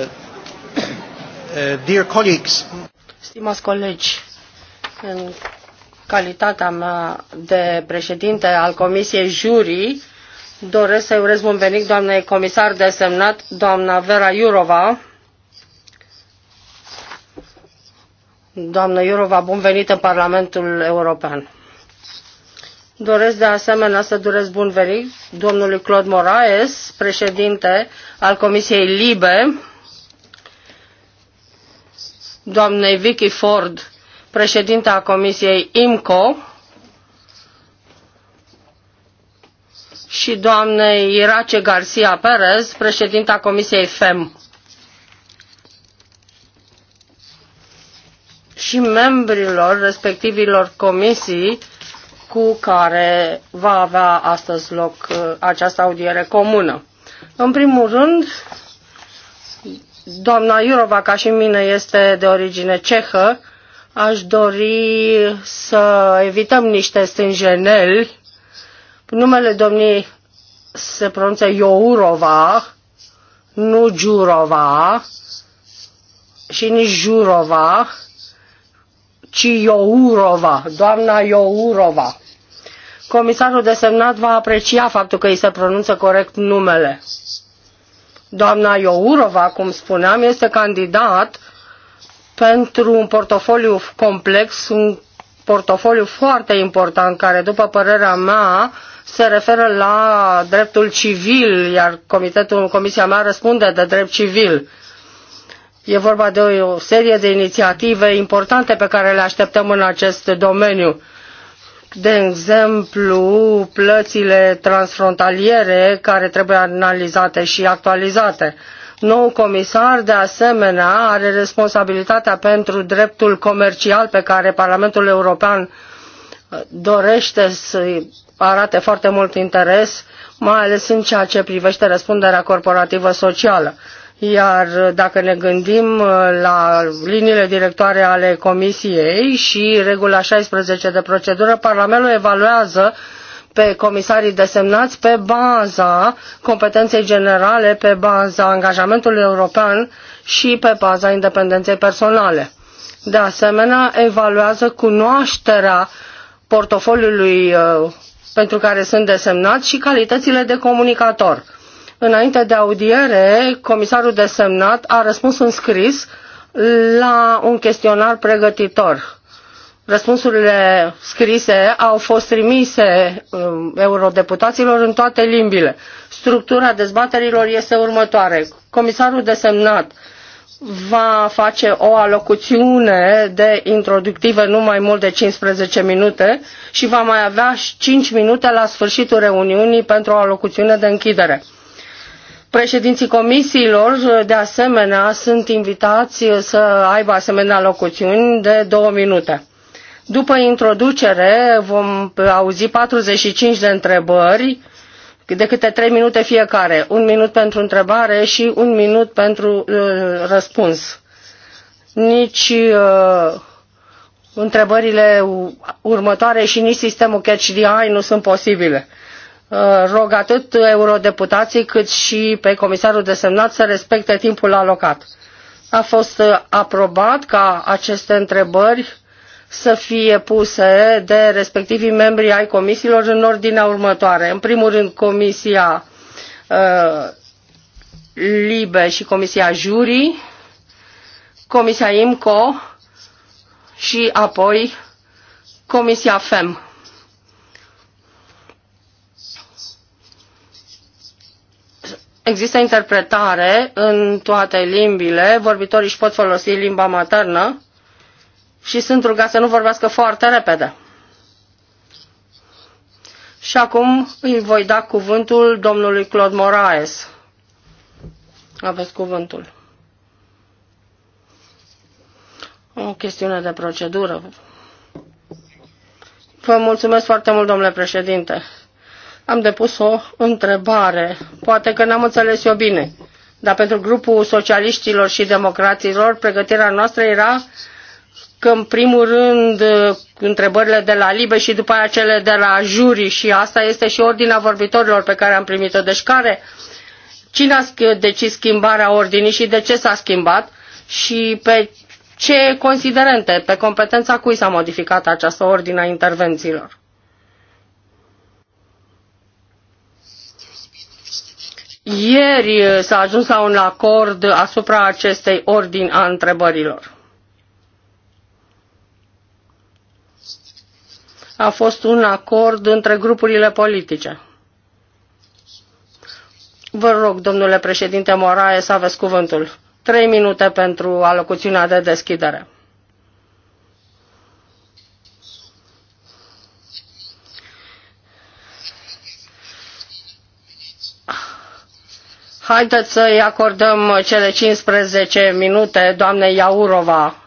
Uh, uh, Stimați colegi, în calitatea mea de președinte al Comisiei juri, doresc să-i urez bun venit doamnei comisar desemnat, doamna Vera Iurova. Doamnă Iurova, bun venit în Parlamentul European. Doresc de asemenea să doresc bun venit domnului Claude Moraes, președinte al Comisiei Libe, doamnei Vicky Ford, președinta Comisiei IMCO, și doamnei Irace Garcia Perez, președinta Comisiei FEM. și membrilor respectivilor comisii cu care va avea astăzi loc uh, această audiere comună. În primul rând, Doamna Iurova, ca și mine, este de origine cehă. Aș dori să evităm niște stânjeneli. Numele domnii se pronunță Iourova, nu Giurova și nici Jurova, ci Iourova, doamna Iourova. Comisarul desemnat va aprecia faptul că îi se pronunță corect numele. Doamna Iourova, cum spuneam, este candidat pentru un portofoliu complex, un portofoliu foarte important, care, după părerea mea, se referă la dreptul civil, iar comitetul, comisia mea răspunde de drept civil. E vorba de o serie de inițiative importante pe care le așteptăm în acest domeniu de exemplu, plățile transfrontaliere care trebuie analizate și actualizate. Nou comisar, de asemenea, are responsabilitatea pentru dreptul comercial pe care Parlamentul European uh, dorește să arate foarte mult interes, mai ales în ceea ce privește răspunderea corporativă socială. Iar dacă ne gândim uh, la liniile directoare ale Comisiei și regula 16 de procedură, Parlamentul evaluează pe comisarii desemnați pe baza competenței generale, pe baza angajamentului european și pe baza independenței personale. De asemenea, evaluează cunoașterea portofoliului uh, pentru care sunt desemnați și calitățile de comunicator. Înainte de audiere, comisarul desemnat a răspuns în scris la un chestionar pregătitor. Răspunsurile scrise au fost trimise um, eurodeputaților în toate limbile. Structura dezbaterilor este următoare. Comisarul desemnat va face o alocuțiune de introductivă nu mai mult de 15 minute și va mai avea 5 minute la sfârșitul reuniunii pentru o alocuțiune de închidere. Președinții comisiilor, de asemenea, sunt invitați să aibă asemenea locuțiuni de două minute. După introducere vom auzi 45 de întrebări, de câte 3 minute fiecare. Un minut pentru întrebare și un minut pentru uh, răspuns. Nici uh, întrebările următoare și nici sistemul catch the eye nu sunt posibile. Uh, rog atât eurodeputații cât și pe comisarul desemnat să respecte timpul alocat. A fost uh, aprobat ca aceste întrebări să fie puse de respectivii membri ai comisiilor în ordinea următoare. În primul rând, Comisia uh, Libe și Comisia Juri, Comisia IMCO și apoi Comisia FEM. Există interpretare în toate limbile, vorbitorii își pot folosi limba maternă și sunt rugați să nu vorbească foarte repede. Și acum îi voi da cuvântul domnului Claude Moraes. Aveți cuvântul. O chestiune de procedură. Vă mulțumesc foarte mult, domnule președinte. Am depus o întrebare Poate că n-am înțeles eu bine, dar pentru grupul socialiștilor și democraților, pregătirea noastră era că în primul rând întrebările de la Libe și după aceea cele de la juri și asta este și ordinea vorbitorilor pe care am primit-o. Deci care, cine a decis schimbarea ordinii și de ce s-a schimbat și pe ce considerente, pe competența cui s-a modificat această ordine a intervențiilor? Ieri uh, s-a ajuns la un acord asupra acestei ordini a întrebărilor. A fost un acord între grupurile politice. Vă rog, domnule președinte Moraes, aveți cuvântul. Trei minute pentru alocuțiunea de deschidere. Haideți să-i acordăm cele 15 minute doamnei Iaurova